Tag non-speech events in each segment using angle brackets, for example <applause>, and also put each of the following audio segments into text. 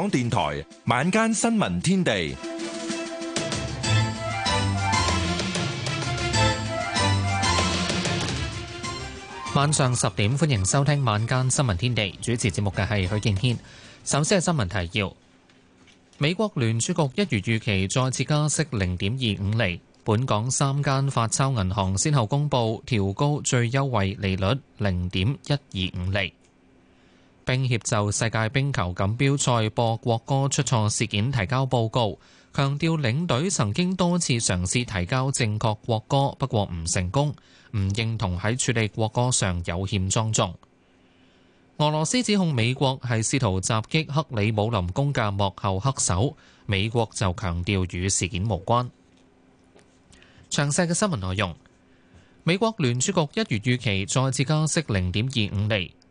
港電台晚間新聞天地，晚上十點歡迎收聽晚間新聞天地。主持節目嘅係許建軒。首先係新聞提要：美國聯儲局一如預期再次加息零點二五厘。本港三間發鈔銀行先後公布調高最優惠利率零點一二五厘。並協就世界冰球錦標賽播國歌出錯事件提交報告，強調領隊曾經多次嘗試提交正確國歌，不過唔成功，唔認同喺處理國歌上有欠莊重。俄羅斯指控美國係試圖襲擊克里姆林宮嘅幕後黑手，美國就強調與事件無關。詳細嘅新聞內容。美國聯儲局一如預期再次加息零點二五厘。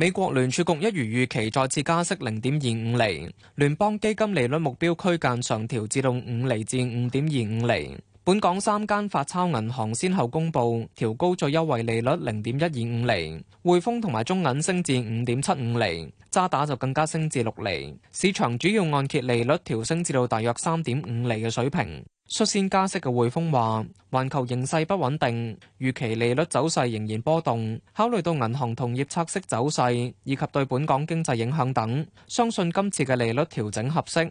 美國聯儲局一如預期再次加息零點二五厘，聯邦基金利率目標區間上調至到五厘至五點二五厘。本港三間發鈔銀行先後公布調高最優惠利率零點一二五厘，匯豐同埋中銀升至五點七五厘，渣打就更加升至六厘。市場主要按揭利率調升至到大約三點五厘嘅水平。率先加息嘅匯豐話：環球形勢不穩定，預期利率走勢仍然波動。考慮到銀行同業拆息走勢以及對本港經濟影響等，相信今次嘅利率調整合適。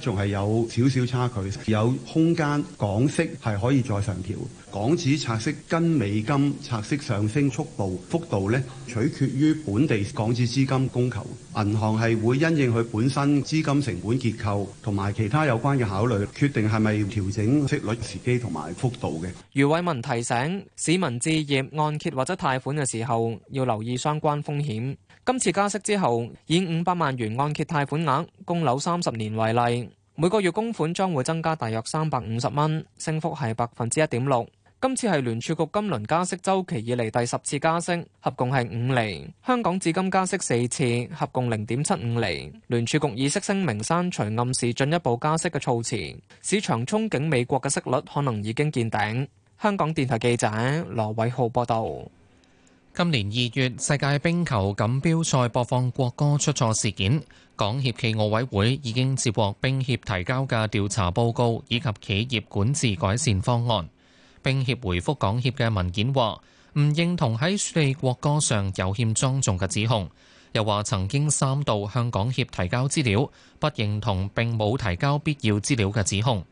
仲係有少少差距，有空間，港息係可以再上調。港紙拆息跟美金拆息上升速度幅度呢，取決於本地港紙資金供求。銀行係會因應佢本身資金成本結構同埋其他有關嘅考慮，決定係咪調整息率時機同埋幅度嘅。余偉文提醒市民置業按揭或者貸款嘅時候，要留意相關風險。今次加息之後，以五百萬元按揭貸款額供樓三十年為例，每個月供款將會增加大約三百五十蚊，升幅係百分之一點六。今次係聯儲局今輪加息周期以嚟第十次加息，合共係五厘；香港至今加息四次，合共零點七五厘。聯儲局議息聲明刪除暗示進一步加息嘅措辭，市場憧憬美國嘅息率可能已經見頂。香港電台記者羅偉浩報道。今年二月，世界冰球錦標賽播放國歌出錯事件，港協暨奧委會已經接獲冰協提交嘅調查報告以及企業管治改善方案。冰協回復港協嘅文件話，唔認同喺處理國歌上有欠莊重嘅指控，又話曾經三度向港協提交資料，不認同並冇提交必要資料嘅指控。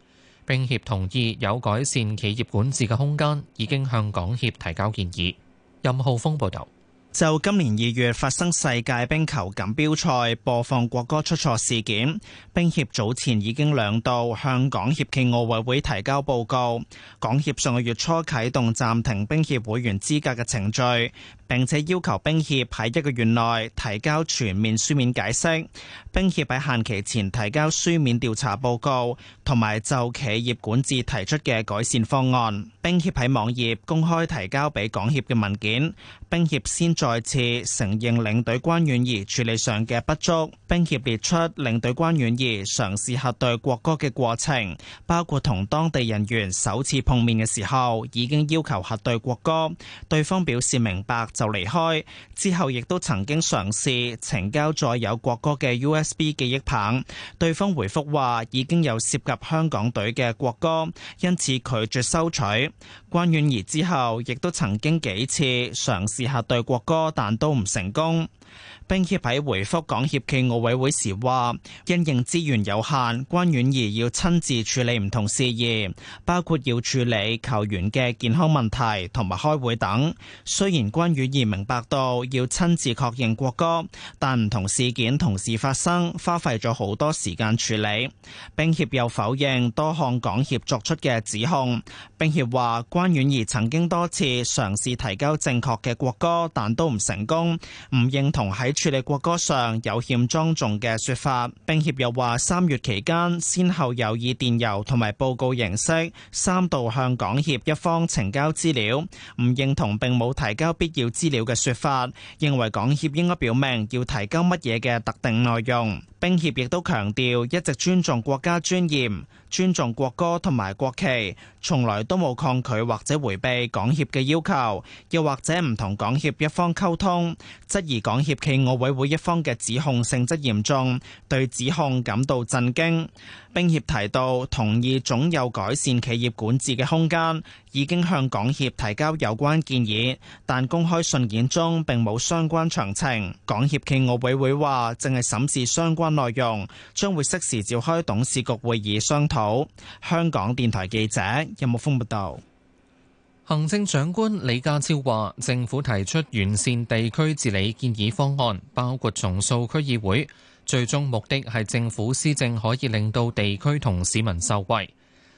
冰協同意有改善企業管治嘅空間，已經向港協提交建議。任浩峰報道，就今年二月發生世界冰球錦標賽播放國歌出錯事件，冰協早前已經兩度向港協暨奧委會提交報告，港協上個月初啟動暫停冰協會員資格嘅程序。並且要求冰協喺一個月內提交全面書面解釋，冰協喺限期前提交書面調查報告，同埋就企業管治提出嘅改善方案。冰協喺網頁公開提交俾港協嘅文件，冰協先再次承認領隊關婉儀處理上嘅不足。冰協列出領隊關婉儀嘗試核對國歌嘅過程，包括同當地人員首次碰面嘅時候已經要求核對國歌，對方表示明白。就離開之後亦都曾經嘗試呈交載有國歌嘅 USB 記憶棒，對方回覆話已經有涉及香港隊嘅國歌，因此拒絕收取。關婉兒之後亦都曾經幾次嘗試核對國歌，但都唔成功。冰協喺回覆港協暨奧委會時話：因應資源有限，關婉儀要親自處理唔同事宜，包括要處理球員嘅健康問題同埋開會等。雖然關婉儀明白到要親自確認國歌，但唔同事件同時發生，花費咗好多時間處理。冰協又否認多項港協作出嘅指控。冰協話：關婉儀曾經多次嘗試提交正確嘅國歌，但都唔成功，唔認同，同喺處理國歌上有欠莊重嘅説法，冰協又話三月期間，先後有以電郵同埋報告形式三度向港協一方呈交資料，唔認同並冇提交必要資料嘅説法，認為港協應該表明要提交乜嘢嘅特定內容。冰協亦都強調一直尊重國家尊嚴。尊重國歌同埋國旗，從來都冇抗拒或者迴避港協嘅要求，又或者唔同港協一方溝通，質疑港協暨奧委會一方嘅指控性質嚴重，對指控感到震驚。兵協提到同意總有改善企業管治嘅空間，已經向港協提交有關建議，但公開信件中並冇相關詳情。港協暨奧委會話正係審視相關內容，將會適時召開董事局會議商討。香港電台記者任木峰報道。有有，行政長官李家超話：政府提出完善地區治理建議方案，包括重塑區議會。最終目的係政府施政可以令到地區同市民受惠。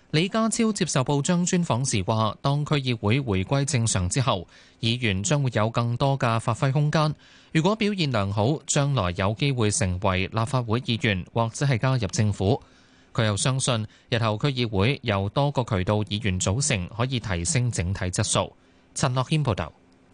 李家超接受報章專訪時話，當區議會回歸正常之後，議員將會有更多嘅發揮空間。如果表現良好，將來有機會成為立法會議員或者係加入政府。佢又相信，日後區議會由多個渠道議員組成，可以提升整體質素。陳樂謙報道。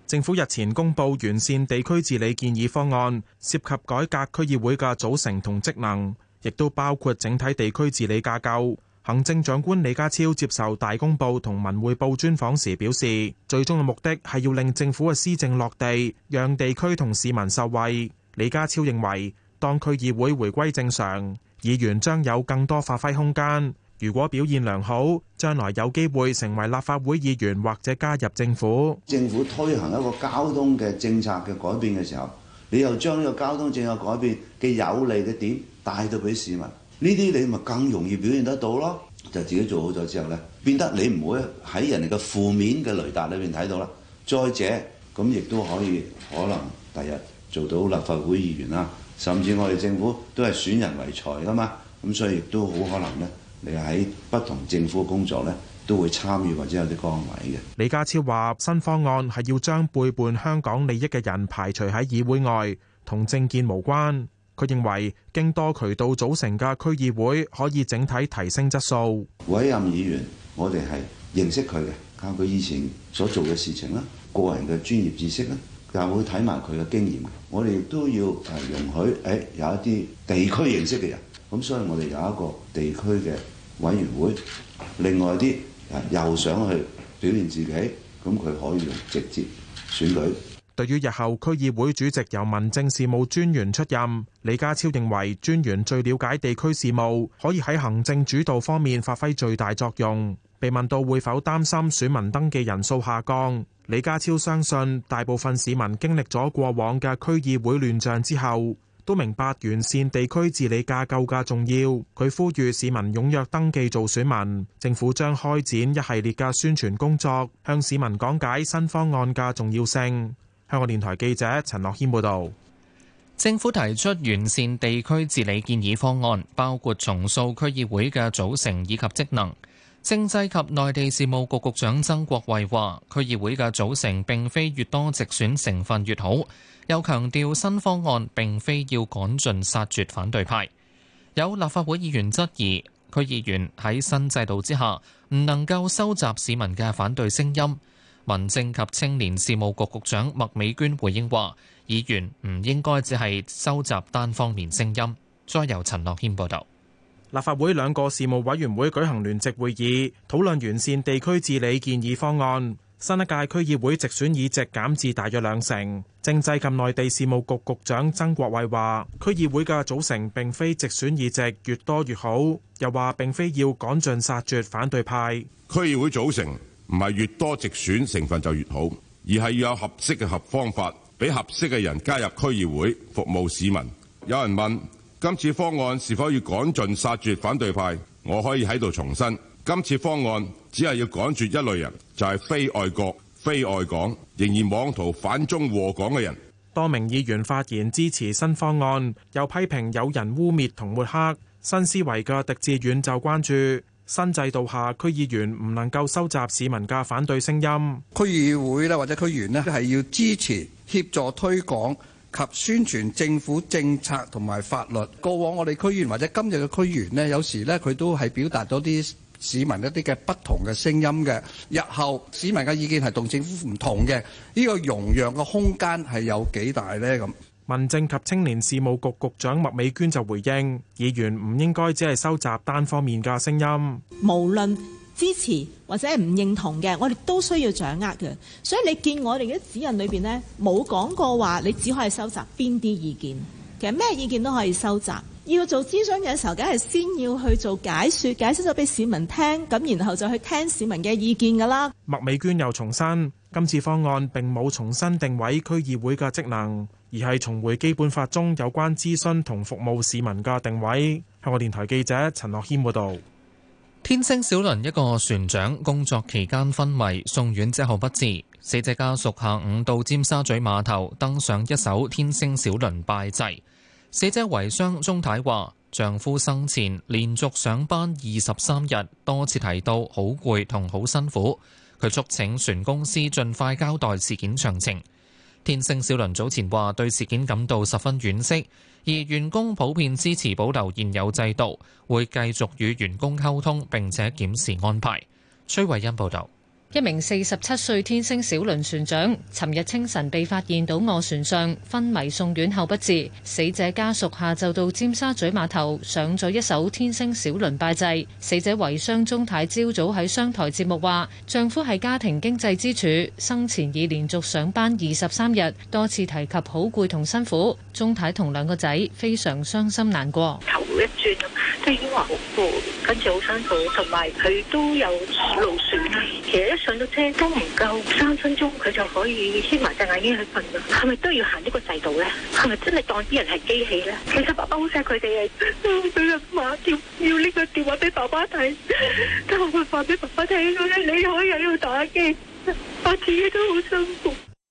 政府日前公布完善地區治理建議方案，涉及改革區議會嘅組成同職能，亦都包括整體地區治理架構。行政長官李家超接受《大公報》同《文匯報》專訪時表示，最終嘅目的係要令政府嘅施政落地，讓地區同市民受惠。李家超認為，當區議會回歸正常，議員將有更多發揮空間。如果表現良好，將來有機會成為立法會議員或者加入政府。政府推行一個交通嘅政策嘅改變嘅時候，你又將呢個交通政策改變嘅有利嘅點帶到俾市民，呢啲你咪更容易表現得到咯。就自己做好咗之後咧，變得你唔會喺人哋嘅負面嘅雷達裏面睇到啦。再者，咁亦都可以可能第日做到立法會議員啦，甚至我哋政府都係選人為才㗎嘛，咁所以亦都好可能咧。你喺不同政府工作咧，都會參與或者有啲崗位嘅。李家超話新方案係要將背叛香港利益嘅人排除喺議會外，同政見無關，佢認為經多渠道組成嘅區議會可以整體提升質素。委任議員，我哋係認識佢嘅，靠佢以前所做嘅事情啦，個人嘅專業知識啦，但會睇埋佢嘅經驗，我哋都要誒容許誒、哎、有一啲地區認識嘅人。咁所以，我哋有一個地區嘅委員會，另外啲人又想去表現自己，咁佢可以用直接選舉。對於日後區議會主席由民政事務專員出任，李家超認為專員最了解地區事務，可以喺行政主導方面發揮最大作用。被問到會否擔心選民登記人數下降，李家超相信大部分市民經歷咗過往嘅區議會亂象之後。都明白完善地區治理架構嘅重要，佢呼籲市民踊躍登記做選民。政府將開展一系列嘅宣傳工作，向市民講解新方案嘅重要性。香港電台記者陳樂謙報道。政府提出完善地區治理建議方案，包括重塑區議會嘅組成以及職能。政制及內地事務局局長曾國衛話，區議會嘅組成並非越多直選成分越好。又強調新方案並非要趕盡殺絕反對派。有立法會議員質疑區議員喺新制度之下唔能夠收集市民嘅反對聲音。民政及青年事務局局長麥美娟回應話：議員唔應該只係收集單方面聲音。再由陳樂謙報導。立法會兩個事務委員會舉行聯席會議，討論完善地區治理建議方案。新一屆區議會直選議席減至大約兩成，政制及內地事務局局長曾國衛話，區議會嘅組成並非直選議席越多越好，又話並非要趕盡殺絕反對派。區議會組成唔係越多直選成分就越好，而係要有合適嘅合方法，俾合適嘅人加入區議會服務市民。有人問今次方案是否要趕盡殺絕反對派，我可以喺度重申。今次方案只係要趕絕一類人，就係、是、非外國非外港，仍然妄圖反中和港嘅人。多名議員發言支持新方案，又批評有人污蔑同抹黑新思維嘅狄志遠，就關注新制度下區議員唔能夠收集市民嘅反對聲音。區議會咧或者區議員咧，係要支持協助推廣及宣傳政府政策同埋法律。過往我哋區議員或者今日嘅區議員咧，有時咧佢都係表達咗啲。市民一啲嘅不同嘅聲音嘅，日後市民嘅意見係同政府唔同嘅，呢個容讓嘅空間係有幾大咧？咁民政及青年事務局局長麥美娟就回應，議員唔應該只係收集單方面嘅聲音，無論支持或者係唔認同嘅，我哋都需要掌握嘅。所以你見我哋嘅指引裏邊咧，冇講過話你只可以收集邊啲意見，其實咩意見都可以收集。要做諮詢嘅時候，梗係先要去做解説，解釋咗俾市民聽，咁然後就去聽市民嘅意見噶啦。麥美娟又重申，今次方案並冇重新定位區議會嘅職能，而係重回基本法中有關諮詢同服務市民嘅定位。香港電台記者陳樂謙報道，天星小輪一個船長工作期間昏迷送院之後不治，死者家屬下午到尖沙咀碼頭登上一艘天星小輪拜祭。死者遺孀鍾太話：丈夫生前連續上班二十三日，多次提到好攰同好辛苦。佢促請船公司盡快交代事件詳情。天星小輪早前話對事件感到十分惋惜，而員工普遍支持保留現有制度，會繼續與員工溝通並且檢視安排。崔慧欣報導。一名四十七歲天星小輪船長，尋日清晨被發現倒卧船上，昏迷送院後不治。死者家屬下晝到尖沙咀碼頭上咗一艘天星小輪拜祭。死者遺孀鍾太，朝早喺商台節目話，丈夫係家庭經濟支柱，生前已連續上班二十三日，多次提及好攰同辛苦。鍾太同兩個仔非常傷心難過。頭一轉都已經話好攰，跟住好辛苦，同埋佢都有勞損，上到車都唔夠三分鐘，佢就可以眯埋隻眼睛去瞓啦。係咪都要行呢個制度咧？係咪真係當啲人係機器咧？其實爸爸好錫佢哋嘅，今日晚調要呢個電話俾爸爸睇，都冇辦法俾爸爸睇到咧。你可以喺度打機，我自己都好辛苦。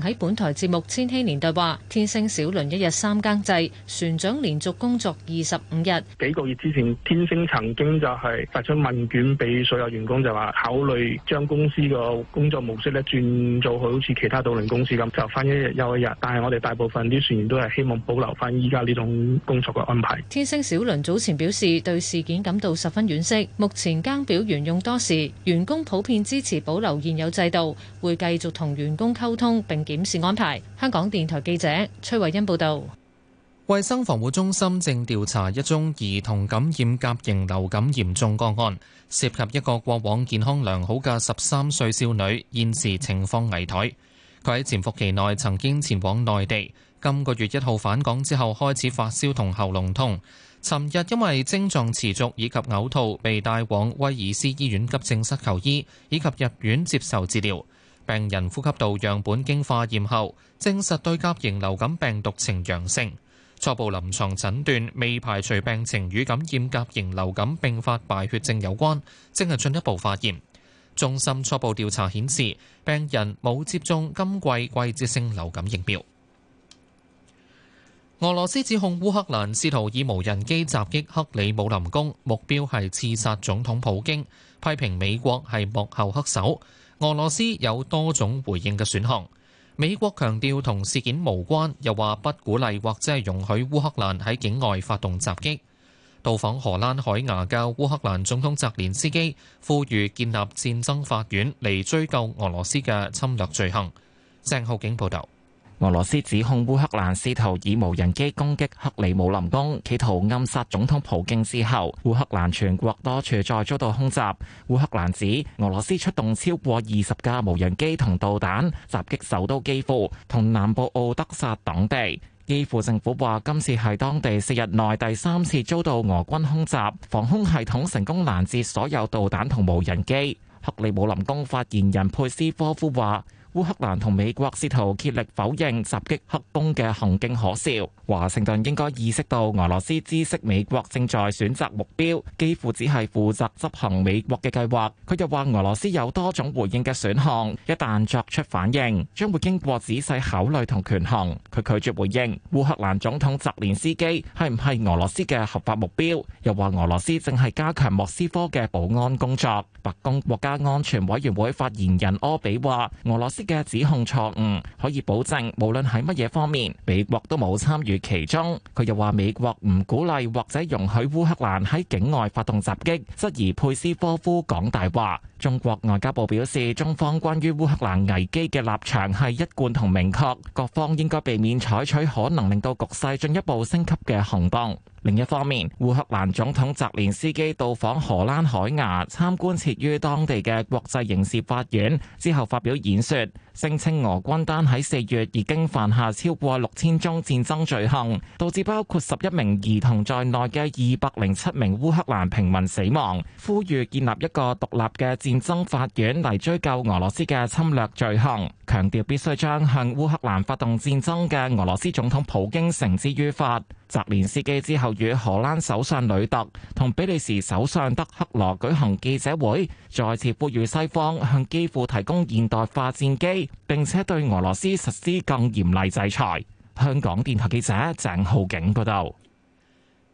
喺本台節目《千禧年代》話，天星小輪一日三更制，船長連續工作二十五日。幾個月之前，天星曾經就係發出問卷俾所有員工，就話考慮將公司嘅工作模式咧轉做好似其他渡輪公司咁，就翻一日休一日。但係我哋大部分啲船員都係希望保留翻依家呢種工作嘅安排。天星小輪早前表示對事件感到十分惋惜，目前更表沿用多時，員工普遍支持保留現有制度，會繼續同員工溝通並。檢視安排。香港電台記者崔慧欣報道。衛生防護中心正調查一宗兒童感染甲型流感嚴重個案，涉及一個過往健康良好嘅十三歲少女，現時情況危殆。佢喺潛伏期內曾經前往內地，今個月一號返港之後開始發燒同喉嚨痛，尋日因為症狀持續以及嘔吐，被帶往威爾斯醫院急症室求醫，以及入院接受治療。病人呼吸道樣本經化驗後證實對甲型流感病毒呈陽性，初步臨床診斷未排除病情與感染甲型流感併發敗血症有關，正係進一步化驗。中心初步調查顯示，病人冇接種今季季節性流感疫苗。俄羅斯指控烏克蘭試圖以無人機襲擊克里姆林宮，目標係刺殺總統普京，批評美國係幕後黑手。俄羅斯有多種回應嘅選項。美國強調同事件無關，又話不鼓勵或者係容許烏克蘭喺境外發動襲擊。到訪荷蘭海牙嘅烏克蘭總統澤連斯基，呼籲建立戰爭法院嚟追究俄羅斯嘅侵略罪行。鄭浩景報道。俄羅斯指控烏克蘭試圖以無人機攻擊克里姆林宮，企圖暗殺總統普京之後，烏克蘭全國多處再遭到空襲。烏克蘭指俄羅斯出動超過二十架無人機同導彈，襲擊首都基輔同南部敖德薩等地。基輔政府話今次係當地四日內第三次遭到俄軍空襲，防空系統成功攔截所有導彈同無人機。克里姆林宮發言人佩斯科夫話。烏克蘭同美國試圖竭力否認襲擊克宮嘅行徑可笑。華盛頓應該意識到俄羅斯知悉美國正在選擇目標，幾乎只係負責執行美國嘅計劃。佢又話俄羅斯有多種回應嘅選項，一旦作出反應，將會經過仔細考慮同權衡。佢拒絕回應烏克蘭總統澤連斯基係唔係俄羅斯嘅合法目標，又話俄羅斯正係加強莫斯科嘅保安工作。白宮國家安全委員會發言人柯比話，俄羅斯。嘅指控錯誤，可以保證無論喺乜嘢方面，美國都冇參與其中。佢又話美國唔鼓勵或者容許烏克蘭喺境外發動襲擊，質疑佩斯科夫講大話。中國外交部表示，中方關於烏克蘭危機嘅立場係一貫同明確，各方應該避免採取可能令到局勢進一步升級嘅行動。另一方面，烏克蘭總統澤連斯基到訪荷蘭海牙，參觀設於當地嘅國際刑事法院之後，發表演說。聲稱俄軍單喺四月已經犯下超過六千宗戰爭罪行，導致包括十一名兒童在內嘅二百零七名烏克蘭平民死亡。呼籲建立一個獨立嘅戰爭法院嚟追究俄羅斯嘅侵略罪行，強調必須將向烏克蘭發動戰爭嘅俄羅斯總統普京繩之於法。澤連斯基之後與荷蘭首相呂特同比利時首相德克羅舉行記者會，再次呼籲西方向基輔提供現代化戰機。並且對俄羅斯實施更嚴厲制裁。香港電台記者鄭浩景報道，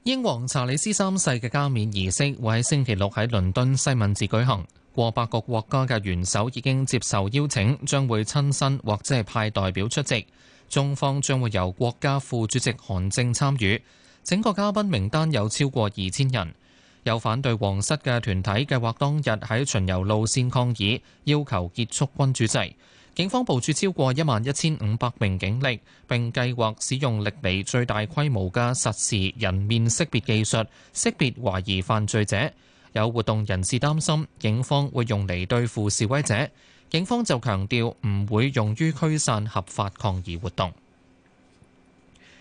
英皇查理斯三世嘅加冕儀式會喺星期六喺倫敦西敏寺舉行。過百個國家嘅元首已經接受邀請，將會親身或者係派代表出席。中方將會由國家副主席韓正參與。整個嘉賓名單有超過二千人。有反對皇室嘅團體計劃當日喺巡遊路綫抗議，要求結束君主制。警方部署超過一萬一千五百名警力，並計劃使用歷來最大規模嘅實時人面識別技術，識別懷疑犯罪者。有活動人士擔心警方會用嚟對付示威者，警方就強調唔會用於驅散合法抗議活動。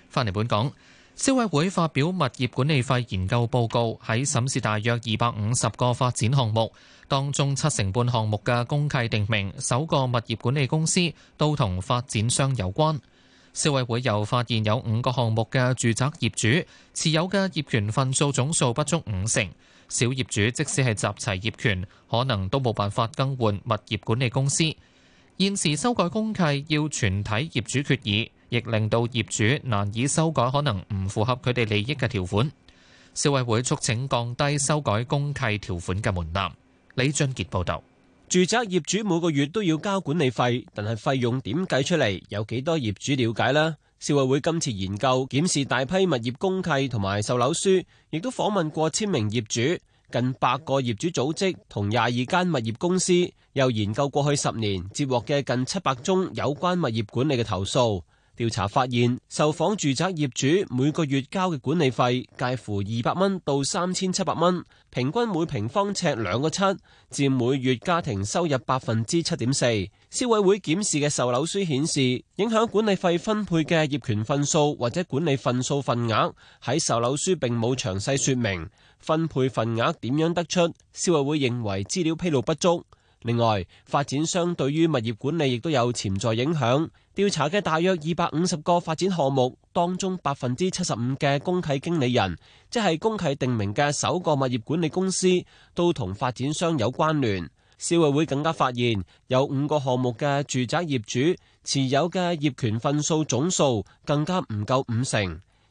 返嚟本港。消委會發表物業管理費研究報告。喺審視大約二百五十個發展項目，當中七成半項目嘅公契定名，首個物業管理公司都同發展商有關。消委會又發現有五個項目嘅住宅業主持有嘅業權份數總數不足五成，小業主即使係集齊業權，可能都冇辦法更換物業管理公司。現時修改公契要全體業主決議，亦令到業主難以修改可能唔符合佢哋利益嘅條款。消委會促請降低修改公契條款嘅門檻。李俊杰報道。住宅業主每個月都要交管理費，但係費用點計出嚟，有幾多業主瞭解咧？消委會今次研究檢視大批物業公契同埋售樓書，亦都訪問過千名業主、近百個業主組織同廿二間物業公司，又研究過去十年接獲嘅近七百宗有關物業管理嘅投訴。調查發現，受訪住宅業主每個月交嘅管理費介乎二百蚊到三千七百蚊，平均每平方尺兩個七，佔每月家庭收入百分之七點四。消委會檢視嘅售樓書顯示，影響管理費分配嘅業權份數或者管理份數份額喺售樓書並冇詳細說明分配份額點樣得出，消委會認為資料披露不足。另外，發展商對於物業管理亦都有潛在影響。調查嘅大約二百五十個發展項目當中，百分之七十五嘅公契經理人，即係公契定名嘅首個物業管理公司，都同發展商有關聯。消委會更加發現，有五個項目嘅住宅業主持有嘅業權份數總數更加唔夠五成。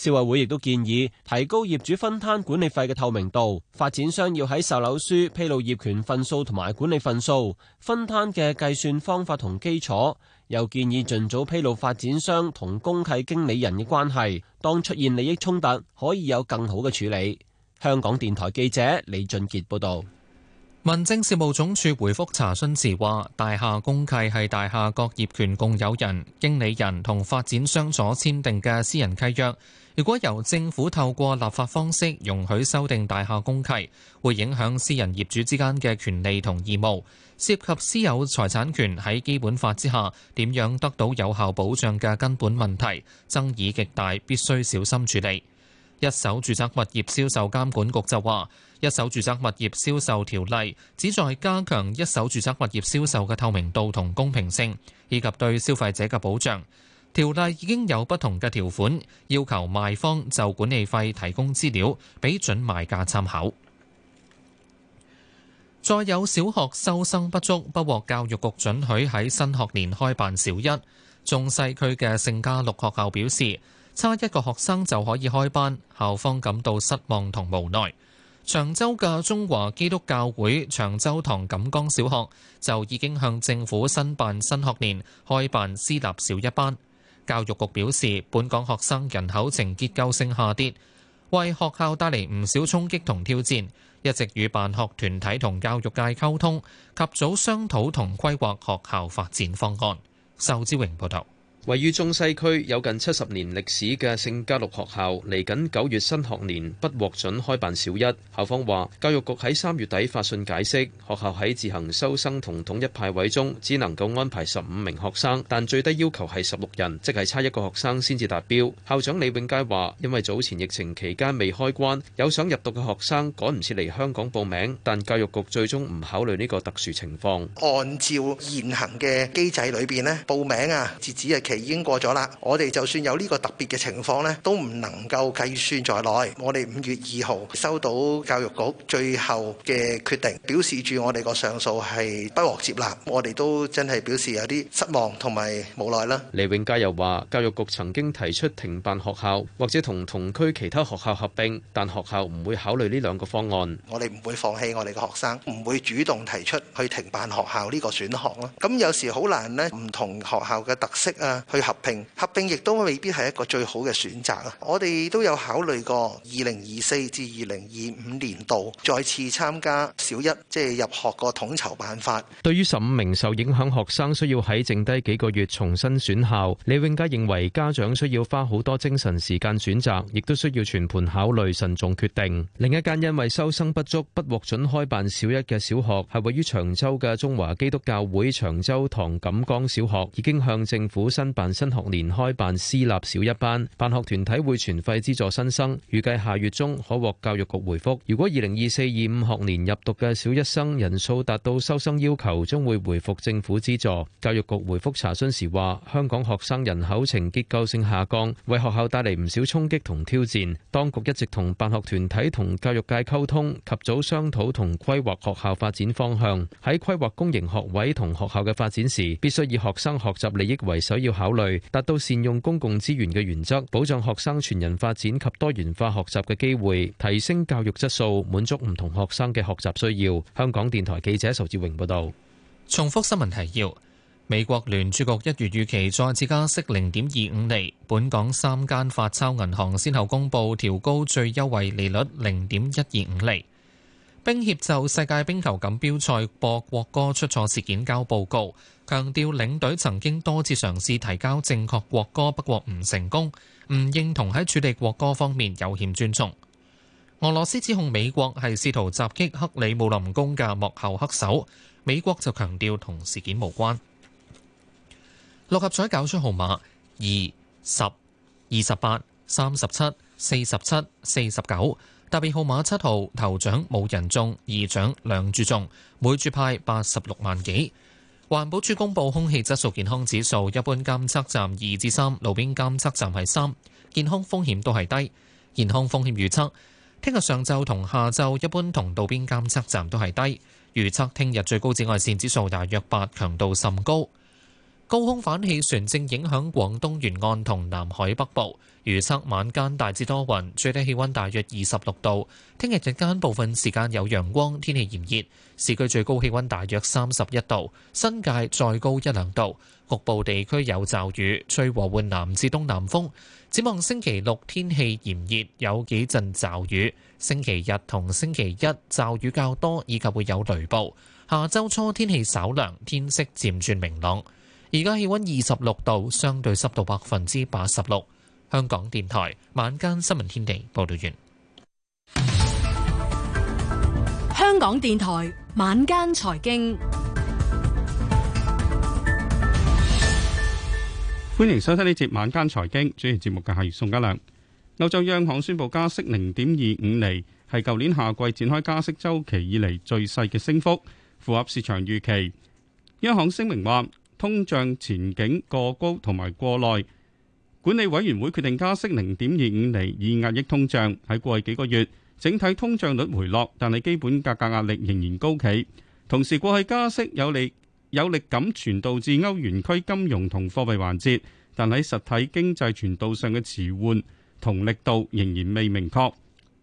消委會亦都建議提高業主分攤管理費嘅透明度，發展商要喺售樓書披露業權份數同埋管理份數、分攤嘅計算方法同基礎。又建議盡早披露發展商同公契經理人嘅關係，當出現利益衝突，可以有更好嘅處理。香港電台記者李俊杰報道。民政事務總署回覆查詢時話，大廈公契係大廈各業權共有人、經理人同發展商所簽訂嘅私人契約。如果由政府透過立法方式容許修訂大廈公契，會影響私人業主之間嘅權利同義務，涉及私有財產權喺基本法之下點樣得到有效保障嘅根本問題，爭議極大，必須小心處理。一手住宅物業銷售監管局就話，一手住宅物業銷售條例旨在加強一手住宅物業銷售嘅透明度同公平性，以及對消費者嘅保障。條例已經有不同嘅條款，要求賣方就管理費提供資料，俾準賣家參考。再有小學收生不足，不獲教育局准許喺新學年開辦小一。中西區嘅聖嘉祿學校表示，差一個學生就可以開班，校方感到失望同無奈。長洲嘅中華基督教會長洲堂錦江小學，就已經向政府申辦新學年開辦私立小一班。教育局表示，本港學生人口呈結構性下跌，為學校帶嚟唔少衝擊同挑戰，一直與辦學團體同教育界溝通，及早商討同規劃學校發展方案。仇志榮報道。位於中西區有近七十年歷史嘅聖嘉祿學校，嚟緊九月新學年不獲准開辦小一。校方話，教育局喺三月底發信解釋，學校喺自行收生同統一派位中，只能夠安排十五名學生，但最低要求係十六人，即係差一個學生先至達標。校長李永佳話，因為早前疫情期間未開關，有想入讀嘅學生趕唔切嚟香港報名，但教育局最終唔考慮呢個特殊情況。按照現行嘅機制裏邊呢，報名啊，截止係期已經過咗啦，我哋就算有呢個特別嘅情況呢，都唔能夠計算在內。我哋五月二號收到教育局最後嘅決定，表示住我哋個上訴係不獲接納，我哋都真係表示有啲失望同埋無奈啦。李永佳又話：教育局曾經提出停辦學校或者同同區其他學校合併，但學校唔會考慮呢兩個方案。我哋唔會放棄我哋嘅學生，唔會主動提出去停辦學校呢個選項咯。咁有時好難呢，唔同學校嘅特色啊，去合併，合併亦都未必係一個最好嘅選擇啊！我哋都有考慮過二零二四至二零二五年度再次參加小一，即係入學個統籌辦法。對於十五名受影響學生需要喺剩低幾個月重新選校，李永佳認為家長需要花好多精神時間選擇，亦都需要全盤考慮、慎重重決定。另一間因為收生不足不獲准開辦小一嘅小學，係位於長洲嘅中華基督教會長洲堂錦江小學，已經向政府申。辦新學年開辦私立小一班，辦學團體會全費資助新生，預計下月中可獲教育局回覆如果二零二四、二五學年入讀嘅小一生人數達到收生要求，將會回復政府資助。教育局回覆查詢時話香港學生人口呈結構性下降，為學校帶嚟唔少衝擊同挑戰。當局一直同辦學團體同教育界溝通，及早商討同規劃學校發展方向。喺規劃公營學位同學校嘅發展時，必須以學生學習利益為首要，考慮達到善用公共資源嘅原則，保障學生全人發展及多元化學習嘅機會，提升教育質素，滿足唔同學生嘅學習需要。香港電台記者仇志榮報道。重複新聞提要：美國聯儲局一月預期再次加息零點二五厘，本港三間發鈔銀行先後公布調高最優惠利率零點一二五厘。冰協就世界冰球錦標賽播國歌出錯事件交報告，強調領隊曾經多次嘗試提交正確國歌，不過唔成功，唔認同喺處理國歌方面有欠尊重。俄羅斯指控美國係試圖襲擊克里姆林宮嘅幕後黑手，美國就強調同事件無關。六合彩攪出號碼：二、十、二十八、三十七、四十七、四十九。特別號碼七號，頭獎冇人中，二獎兩注中，每注派八十六萬幾。環保署公布空氣質素健康指數，一般監測站二至三，路邊監測站係三，健康風險都係低。健康風險預測，聽日上晝同下晝一般同道邊監測站都係低。預測聽日最高紫外線指數大約八，強度甚高。高空反氣旋正影響廣東沿岸同南海北部，預測晚間大致多雲，最低氣温大約二十六度。聽日日間部分時間有陽光，天氣炎熱，市區最高氣温大約三十一度，新界再高一兩度，局部地區有驟雨，吹和緩南至東南風。展望星期六天氣炎熱，有幾陣驟雨；星期日同星期一驟雨較多，以及會有雷暴。下週初天氣稍涼，天色漸轉明朗。而家氣溫二十六度，相對濕度百分之八十六。香港電台晚間新聞天地報道完。香港電台晚間財經，歡迎收聽呢節晚間財經，主持節目嘅係宋家亮。歐洲央行宣佈加息零點二五厘，係舊年夏季展開加息週期以嚟最細嘅升幅，符合市場預期。央行聲明話。通脹前景過高同埋過耐，管理委員會決定加息零點二五釐以壓抑通脹。喺過去幾個月，整體通脹率回落，但係基本價格壓力仍然高企。同時，過去加息有利有力噉傳導至歐元區金融同貨幣環節，但喺實體經濟傳導上嘅遲緩同力度仍然未明確。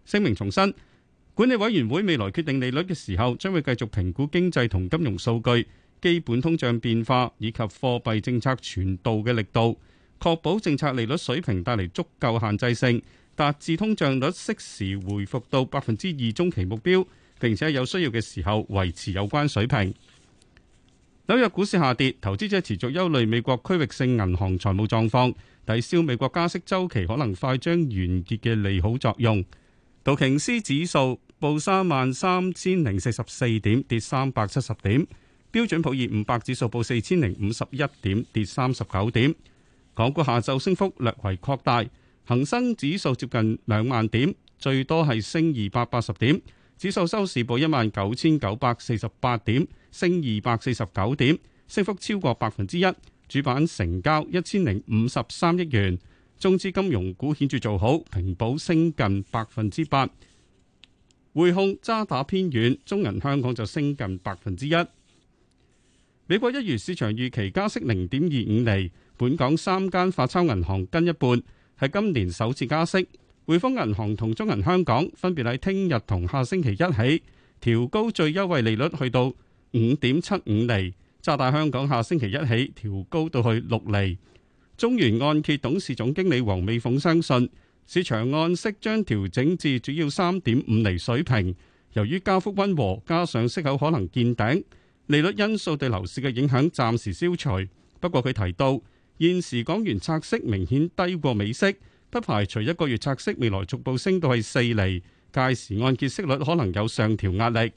聲明重申，管理委員會未來決定利率嘅時候，將會繼續評估經濟同金融數據。基本通脹變化以及貨幣政策傳導嘅力度，確保政策利率水平帶嚟足夠限制性，達至通脹率適時回復到百分之二中期目標，並且有需要嘅時候維持有關水平。紐約股市下跌，投資者持續憂慮美國區域性銀行財務狀況，抵消美國加息週期可能快將完結嘅利好作用。道瓊斯指數報三萬三千零四十四點，跌三百七十點。標準普爾五百指數報四千零五十一點，跌三十九點。港股下晝升幅略為擴大，恒生指數接近兩萬點，最多係升二百八十點。指數收市報一萬九千九百四十八點，升二百四十九點，升幅超過百分之一。主板成交一千零五十三億元。中資金融股顯著做好，平保升近百分之八，匯控渣打偏軟，中銀香港就升近百分之一。美國一如市場預期加息0.25厘，本港三間發鈔銀行跟一半，係今年首次加息。匯豐銀行同中銀香港分別喺聽日同下星期一起調高最優惠利率去到5.75厘，渣打香港下星期一起調高到去6厘。中原按揭董事總經理黃美鳳相信，市場按息將調整至主要3.5厘水平，由於加幅溫和，加上息口可能見頂。利率因素對樓市嘅影響暫時消除。不過佢提到現時港元拆息明顯低過美息，不排除一個月拆息未來逐步升到係四厘，屆時按揭息率可能有上調壓力。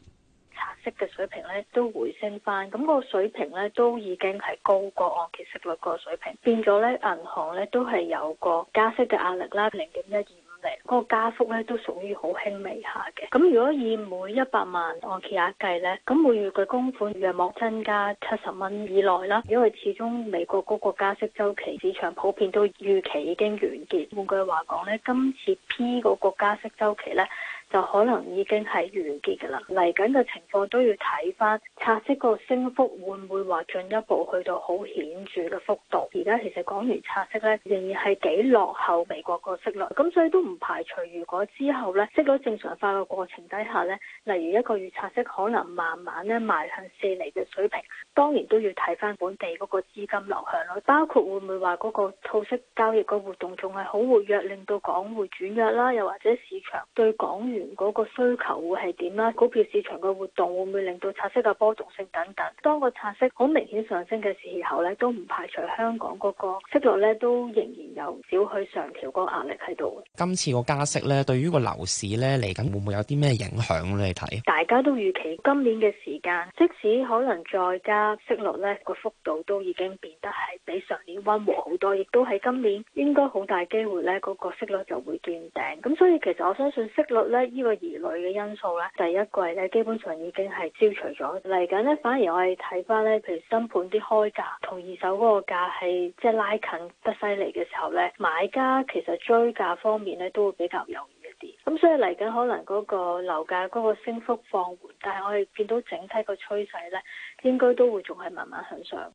拆息嘅水平呢都回升返，咁、那個水平呢都已經係高過按揭息率個水平，變咗呢銀行呢都係有個加息嘅壓力啦，零點一二。嗰個加幅咧都屬於好輕微下嘅，咁如果以每一百萬按揭額計咧，咁每月嘅供款約莫增加七十蚊以內啦，因為始終美國嗰個加息週期，市場普遍都預期已經完結。換句話講咧，今次 P 個加息週期咧。就可能已經係完結㗎啦。嚟緊嘅情況都要睇翻拆息個升幅會唔會話進一步去到好顯著嘅幅度。而家其實港元拆息咧仍然係幾落後美國個息率，咁所以都唔排除如果之後咧息率正常化嘅過程底下咧，例如一個月拆息可能慢慢咧邁向四厘嘅水平，當然都要睇翻本地嗰個資金流向咯。包括會唔會話嗰個套息交易個活動仲係好活躍令到港匯轉弱啦，又或者市場對港元。嗰個需求會係點啦？股票市場嘅活動會唔會令到拆息嘅波動性等等？當個拆息好明顯上升嘅時候咧，都唔排除香港嗰個息率咧都仍然有少去上調個壓力喺度。今次個加息咧，對於個樓市咧嚟緊會唔會有啲咩影響咧？睇大家都預期今年嘅時間，即使可能再加息率咧個幅度都已經變得係比上年溫和好多，亦都喺今年應該好大機會咧嗰個息率就會見頂。咁所以其實我相信息率咧。呢個疑慮嘅因素咧，第一季咧基本上已經係消除咗嚟緊咧，反而我哋睇翻咧，譬如新盤啲開價同二手嗰個價係即係拉近得犀利嘅時候咧，買家其實追價方面咧都會比較容易一啲。咁所以嚟緊可能嗰個樓價嗰個升幅放緩，但係我哋見到整體個趨勢咧，應該都會仲係慢慢向上。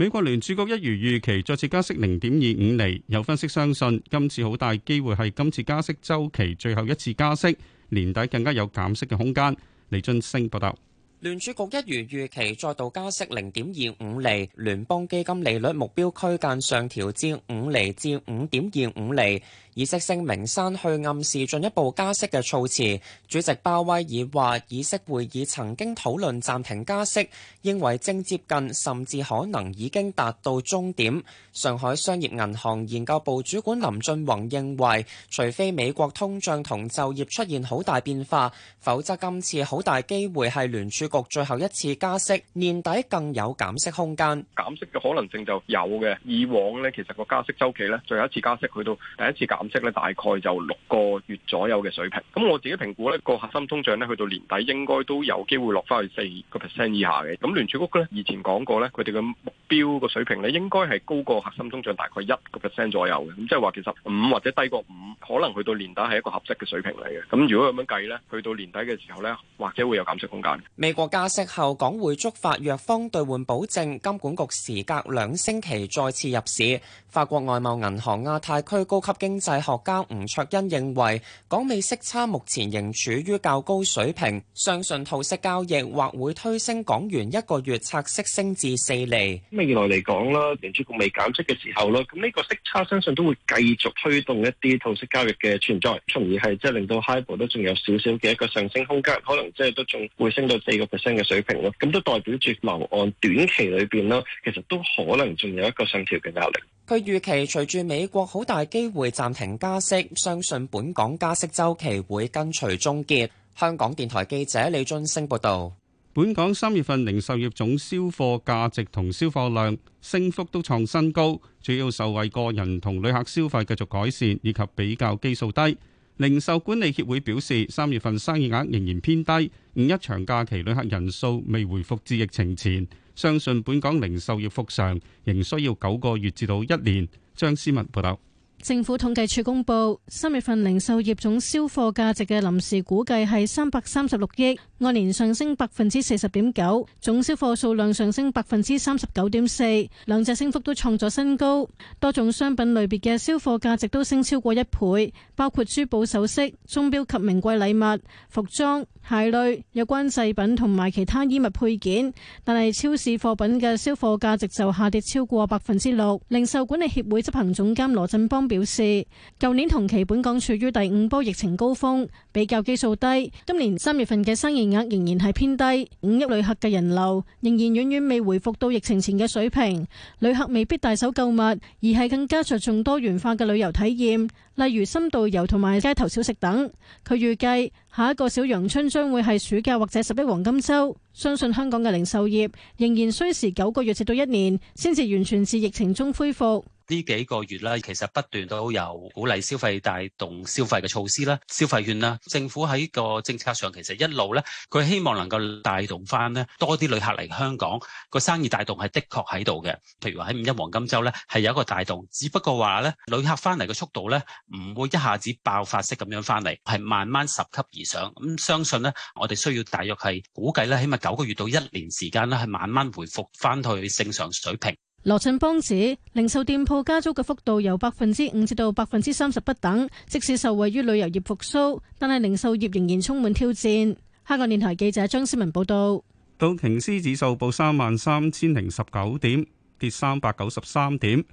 美國聯儲局一如預期再次加息0.25厘，有分析相信今次好大機會係今次加息週期最後一次加息，年底更加有減息嘅空間。李俊升報道，聯儲局一如預期再度加息0.25厘，聯邦基金利率目標區間上調至5厘至5.25厘。議息聲明刪去暗示進一步加息嘅措辭。主席鮑威爾話，議息會議曾經討論暫停加息，認為正接近甚至可能已經達到終點。上海商業銀行研究部主管林俊宏認為，除非美國通脹同就業出現好大變化，否則今次好大機會係聯儲局最後一次加息，年底更有減息空間，減息嘅可能性就有嘅。以往呢，其實個加息周期呢，最後一次加息去到第一次減息咧大概就六個月左右嘅水平，咁我自己評估呢個核心通脹呢，去到年底應該都有機會落翻去四個 percent 以下嘅，咁聯儲局呢，以前講過呢，佢哋嘅目標個水平呢應該係高過核心通脹大概一個 percent 左右嘅，咁即係話其實五或者低過五可能去到年底係一個合適嘅水平嚟嘅，咁如果咁樣計呢，去到年底嘅時候呢，或者會有減息空間。美國加息後港匯觸發弱方兌換保證，金管局時隔兩星期再次入市。法國外貿銀行亞太區高級經濟學家吳卓恩認為，港美息差目前仍處於較高水平，相信套息交易或會推升港元一個月拆息升至四厘。未來嚟講啦，聯儲局未減息嘅時候啦，咁呢個息差相信都會繼續推動一啲套息交易嘅存在，從而係即係令到 HIBOR 都仲有少少嘅一個上升空間，可能即係都仲會升到四個 percent 嘅水平咯。咁都代表住樓按短期裏邊啦，其實都可能仲有一個上調嘅壓力。佢預期隨住美國好大機會暫停加息，相信本港加息週期會跟隨終結。香港電台記者李俊升報道，本港三月份零售業總銷貨價值同銷貨量升幅都創新高，主要受惠個人同旅客消費繼續改善以及比較基數低。零售管理協會表示，三月份生意額仍然偏低，五一長假期旅客人數未回復至疫情前。相信本港零售業復常仍需要九個月至到一年。張思文報道。政府統計處公布三月份零售業總銷貨價值嘅臨時估計係三百三十六億，按年上升百分之四十點九，總銷貨數量上升百分之三十九點四，兩隻升幅都創咗新高。多種商品類別嘅銷貨價值都升超過一倍，包括珠寶首飾、鐘表及名貴禮物、服裝、鞋類、有關製品同埋其他衣物配件。但係超市貨品嘅銷貨價值就下跌超過百分之六。零售管理協會執行總監羅振邦。表示，舊年同期本港處於第五波疫情高峰，比較基數低。今年三月份嘅生意額仍然係偏低，五億旅客嘅人流仍然遠遠未回復到疫情前嘅水平。旅客未必大手購物，而係更加着重多元化嘅旅遊體驗，例如深度遊同埋街頭小食等。佢預計下一個小陽春將會係暑假或者十一黃金周。相信香港嘅零售業仍然需時九個月至到一年，先至完全自疫情中恢復。呢幾個月啦，其實不斷都有鼓勵消費、帶動消費嘅措施啦、消費券啦。政府喺個政策上其實一路咧，佢希望能夠帶動翻咧多啲旅客嚟香港，個生意帶動係的確喺度嘅。譬如話喺五一黃金週咧，係有一個帶動，只不過話咧旅客翻嚟嘅速度咧唔會一下子爆發式咁樣翻嚟，係慢慢拾級而上。咁相信咧，我哋需要大約係估計咧，起碼九個月到一年時間咧，係慢慢回復翻去正常水平。羅振邦指零售店鋪加租嘅幅度由百分之五至到百分之三十不等，即使受惠於旅遊業復蘇，但係零售業仍然充滿挑戰。香港電台記者張思文報道：道瓊斯指數報三萬三千零十九點，跌三百九十三點；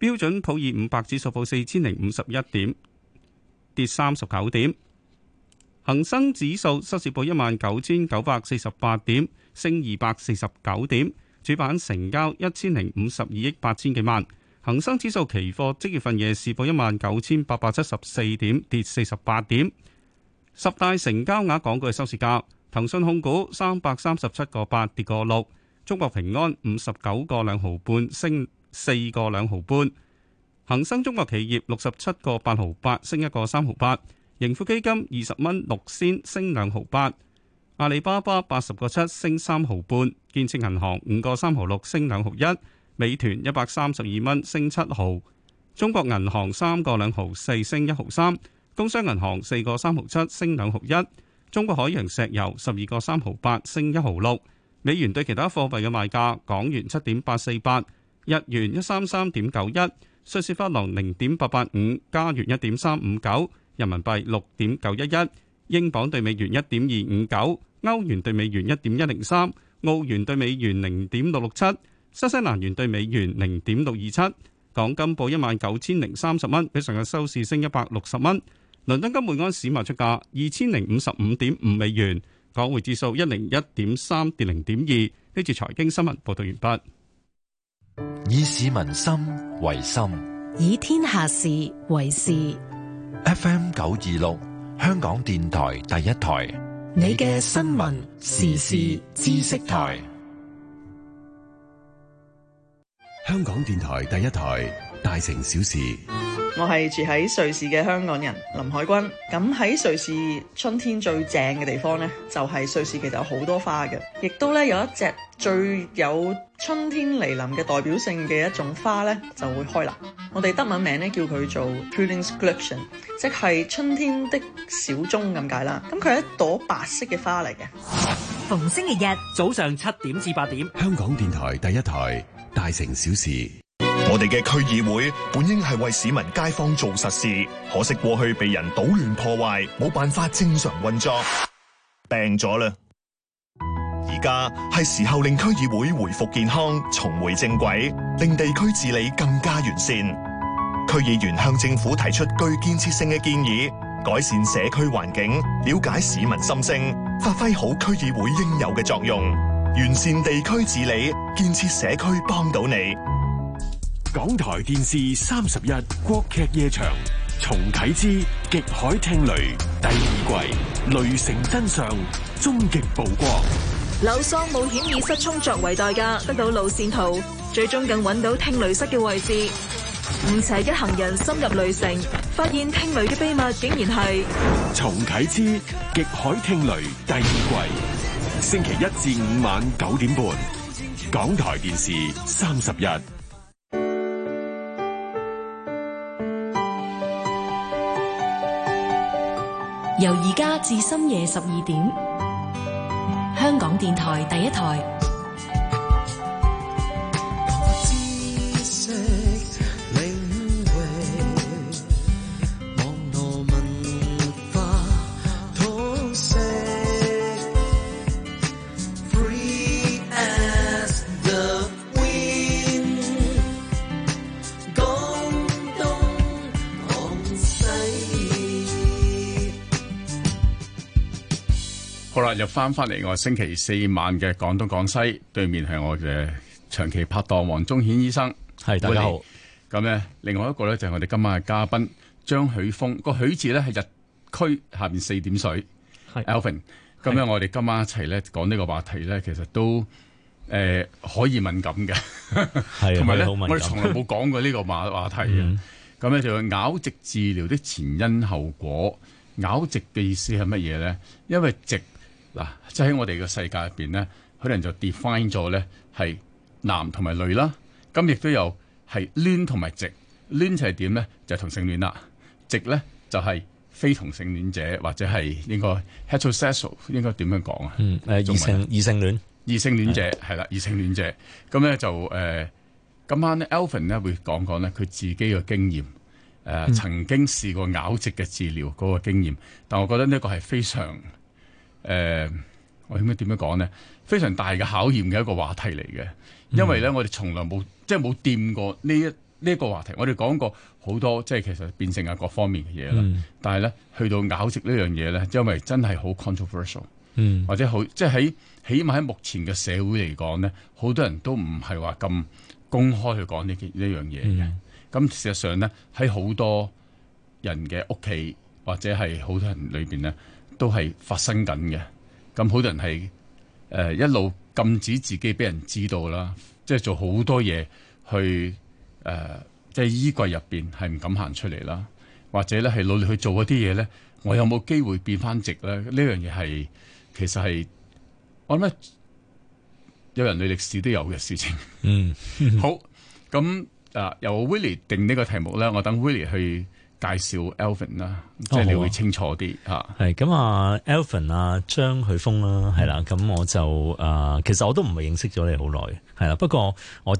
標準普爾五百指數報四千零五十一點，跌三十九點；恒生指數收市報一萬九千九百四十八點，升二百四十九點。主板成交一千零五十二億八千幾萬，恒生指數期貨即月份夜市報一萬九千八百七十四點，跌四十八點。十大成交額港股嘅收市價，騰訊控股三百三十七個八，跌個六；中國平安五十九個兩毫半，升四個兩毫半；恒生中國企業六十七個八毫八，升一個三毫八；盈富基金二十蚊六仙，升兩毫八。阿里巴巴八十個七升三毫半，建設銀行五個三毫六升兩毫一，美團一百三十二蚊升七毫，中國銀行三個兩毫四升一毫三，工商銀行四個三毫七升兩毫一，中國海洋石油十二個三毫八升一毫六，美元兌其他貨幣嘅賣價：港元七點八四八，日元一三三點九一，瑞士法郎零點八八五，加元一點三五九，人民幣六點九一一。英鎊兌美元一點二五九，歐元兌美元一點一零三，澳元兌美元零點六六七，新西蘭元兌美元零點六二七。港金報一萬九千零三十蚊，比上日收市升一百六十蚊。倫敦金每安士賣出價二千零五十五點五美元。港匯指數一零一點三，跌零點二。呢次財經新聞報道完畢。以市民心為心，以天下事為事。F.M. 九二六。香港電台第一台，你嘅新聞時事知識台。香港電台第一台。大城小事，我係住喺瑞士嘅香港人林海軍。咁喺瑞士春天最正嘅地方呢，就係、是、瑞士其實有好多花嘅，亦都呢有一隻最有春天嚟臨嘅代表性嘅一種花呢，就會開啦。我哋德文名呢，叫佢做 Prunescollection，i 即係春天的小鐘咁解啦。咁佢係一朵白色嘅花嚟嘅。逢星期日早上七點至八點，香港電台第一台大城小事。我哋嘅區議會本應係為市民街坊做實事，可惜過去被人搗亂破壞，冇辦法正常運作，病咗了啦。而家係時候令區議會回復健康，重回正軌，令地區治理更加完善。區議員向政府提出具建設性嘅建議，改善社區環境，了解市民心聲，發揮好區議會應有嘅作用，完善地區治理，建設社區，幫到你。港台電視三十一國劇夜場，重啟之極海聽雷第二季，雷城真相終極曝光，柳桑冒險以失聰作為代價得到路線圖，最終更揾到聽雷室嘅位置。吳邪一行人深入雷城，發現聽雷嘅秘密竟然係重啟之極海聽雷第二季，星期一至五晚九點半，港台電視三十一。由而家至深夜十二點，香港電台第一台。又翻翻嚟，我星期四晚嘅廣東廣西對面係我嘅長期拍檔黃宗顯醫生係，大家好。咁咧，另外一個咧就係、是、我哋今晚嘅嘉賓張許峰，個許字咧係日區下面四點水係 Alvin。咁咧，我哋今晚一齊咧講呢個話題咧，其實都誒、呃、可以敏感嘅，係同埋咧我哋從來冇講過呢個話話題嘅。咁咧就係咬直治療的前因後果，咬直嘅意思係乜嘢咧？因為直。嗱，即係我哋嘅世界入邊咧，可能就 define 咗咧係男同埋女啦。咁亦都有係戀同埋直。戀就係點咧？就係、同性戀啦。直咧就係非同性戀者或者係應該 heterosexual 應該點樣講、嗯、啊？嗯，誒異性文異性戀異性戀者係啦的，異性戀者。咁咧就誒、呃、今晚咧，Elvin 咧會講講咧佢自己嘅經驗。誒、呃嗯、曾經試過咬直嘅治療嗰、嗰個經驗，但我覺得呢個係非常。誒、呃，我應該點樣講咧？非常大嘅考驗嘅一個話題嚟嘅，因為咧，嗯、我哋從來冇即係冇掂過呢一呢、呢個話題。我哋講過好多，即、就、係、是、其實變成啊各方面嘅嘢啦。嗯、但係咧，去到咬食呢樣嘢咧，因為真係好 controversial，嗯、或者好即係喺起碼喺目前嘅社會嚟講咧，好多人都唔係話咁公開去講、嗯、呢呢樣嘢嘅。咁事實上咧，喺好多人嘅屋企或者係好多人裏邊咧，都係發生緊嘅，咁好多人係誒、呃、一路禁止自己俾人知道啦，即係做好多嘢去誒、呃，即係衣櫃入邊係唔敢行出嚟啦，或者咧係努力去做嗰啲嘢咧，我有冇機會變翻直咧？呢樣嘢係其實係我諗有人類歷史都有嘅事情。嗯， <laughs> 好，咁啊、呃，由 Willie 定呢個題目咧，我等 Willie 去。介紹 Alvin 啦，即係、哦、你會清楚啲吓，係咁啊，Alvin 啊，張許峰啦，係啦，咁、uh, 啊、我就誒，uh, 其實我都唔係認識咗你好耐，係啦，不過我。